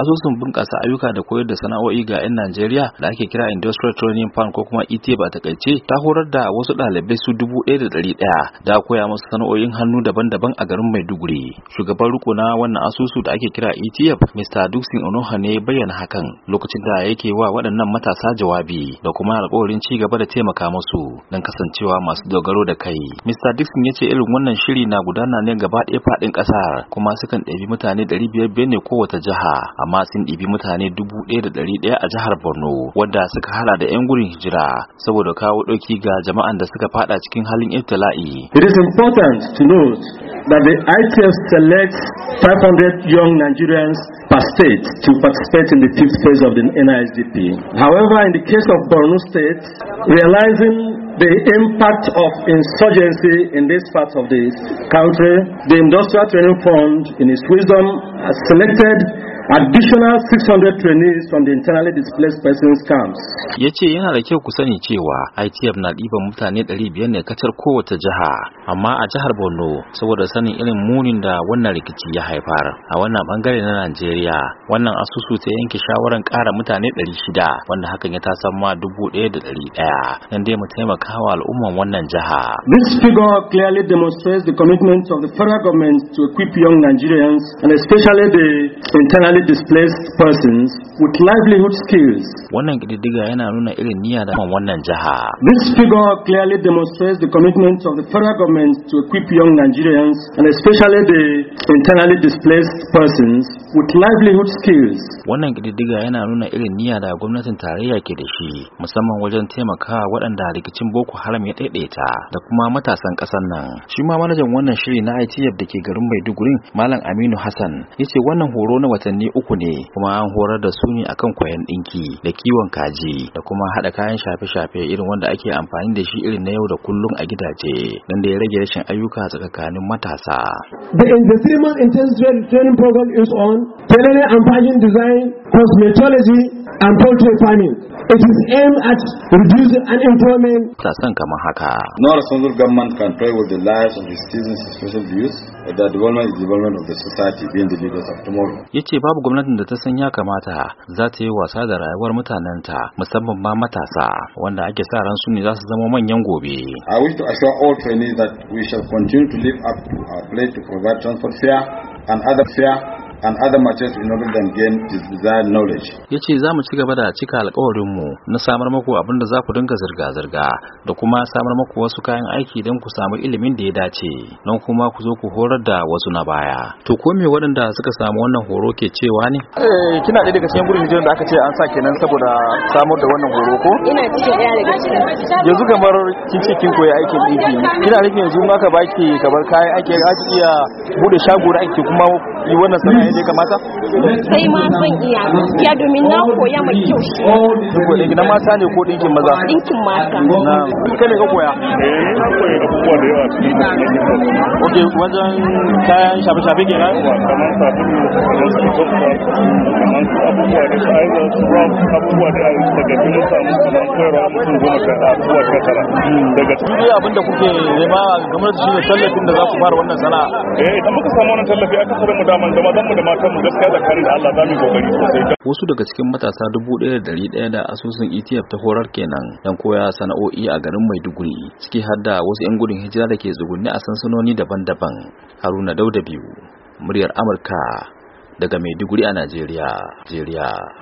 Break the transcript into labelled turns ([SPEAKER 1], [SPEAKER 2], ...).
[SPEAKER 1] asusun bunƙasa ayyuka da koyar da sana'o'i ga 'yan Najeriya da ake kira Industrial Training Fund ko kuma ETF a takaice ta horar da wasu ɗalibai su dubu ɗaya da ɗari ɗaya da koya musu sana'o'in hannu daban-daban a garin Maiduguri. Shugaban riko na wannan asusu da ake kira ETF Mr. Duxin Onoha ne bayyana hakan lokacin da yake wa waɗannan matasa jawabi da kuma alƙawarin ci gaba da taimaka musu don kasancewa masu dogaro da kai. Mr. Dixon ya ce irin wannan shiri na gudana ne gaba ɗaya faɗin ƙasar kuma sukan ɗabi mutane ɗari ne kowace jiha amma sun ɗibi mutane dubu ɗaya da ɗari ɗaya a jihar borno wadda suka hada da 'yan gurin hijira saboda kawo ɗauki ga jama'an da suka fada cikin halin ibtila'i
[SPEAKER 2] it is important to note that the ITF selects 500 young Nigerians per state to participate in the fifth phase of the NISDP. However, in the case of Borno State, realizing the impact of insurgency in this part of the country, the Industrial Training Fund, in its wisdom, has selected Additional 600 trainees from the internally displaced persons camps.
[SPEAKER 1] Ya ce yana da kyau ku sani cewa ITF na ɗiban mutane 500 ne kacar kowace jiha, amma a jihar Borno saboda sanin irin munin da wannan rikici ya haifar. A wannan bangare na Najeriya, wannan asusu ta yanke shawaran ƙara mutane 600 wanda hakan ya ma 1,100 don dai mu taimaka wa al'umman wannan jiha.
[SPEAKER 2] This figure clearly demonstrates the commitment of the federal government to equip young Nigerians and especially the
[SPEAKER 1] internally displaced persons with livelihood skills. Wannan ƙididdiga yana nuna irin niyya da wannan jiha.
[SPEAKER 2] This figure clearly demonstrates the commitment of the federal government to equip young Nigerians and especially the internally displaced persons with livelihood skills.
[SPEAKER 1] Wannan ƙididdiga yana nuna irin niyya da gwamnatin tarayya ke da shi musamman wajen taimakawa waɗanda rikicin Boko Haram ya ɗaiɗaita da kuma matasan ƙasar nan. Shi ma manajan wannan shiri na ITF da ke garin Maiduguri Malam Aminu Hassan ya ce wannan horo na watanni mutane uku ne kuma an horar da su ne akan koyon ɗinki da kiwon kaji da kuma haɗa kayan shafe-shafe irin wanda ake amfani da shi irin na yau da kullum a gidaje don da ya rage rashin ayyuka tsakanin matasa.
[SPEAKER 2] The in the three intensive training program is on, tailoring and fashion design, cosmetology, and poultry farming. It is aimed at reducing
[SPEAKER 1] unemployment. Tasan kamar haka. No responsible government can play with the lives of its citizens,
[SPEAKER 2] especially the youth. The development is development of the society being the leaders of tomorrow.
[SPEAKER 1] ce babu gwamnatin da ta san ya kamata za ta yi wasa da rayuwar mutanenta musamman ma matasa wanda ake sa ran su ne za su zama manyan gobe. I wish
[SPEAKER 2] to assure all trainees that we shall continue to live up to our pledge to provide transport fare and other fare and other matters in order than gain this desired knowledge.
[SPEAKER 1] Ya ce za mu ci gaba da cika mu na samar maku abin da za ku dinga zirga-zirga da kuma samar maku wasu kayan aiki don ku samu ilimin da ya dace don kuma ku zo ku horar da wasu na baya. To ko me waɗanda suka samu wannan horo ke cewa ne? Eh kina ɗaya daga cikin gurin hijiran da aka ce an sa kenan saboda samar da wannan horo ko? Ina cikin ɗaya daga
[SPEAKER 2] cikin. Yanzu
[SPEAKER 1] kamar kin ce kin koyi aikin ɗinki e kina nufin yanzu ma ka baki kamar kayan aiki za ki iya buɗe shago da aiki kuma yi wannan sana'a yadda ya kamata?
[SPEAKER 2] sai ma iya gaskiya domin na koya mai kyau shi
[SPEAKER 1] ko ɗinki na mata ne ko ɗinkin maza ɗinkin mata na kai ne ka koya eh na koya abubuwa da yawa cikin ok wajen kayan shafe-shafe ke nan kamar sabulu kamar su tofta kamar su abubuwa da su su abubuwa da daga cikin kamar koyarwa mutum goma ka abubuwa tara daga cikin dai kuke nema game da shi ne tallafin da za ku fara wannan sana'a eh idan muka samu wannan tallafi aka samu daman zan mu da wasu daga cikin matasa dubu ɗaya da ɗari ɗaya da asusun ETF ta horar kenan don koya sana'o'i a garin Maiduguri ciki har da wasu 'yan gudun hijira da ke tsugunni a sansanoni daban-daban Haruna Dauda biyu muryar Amurka daga Maiduguri a Najeriya.
[SPEAKER 2] Najeriya.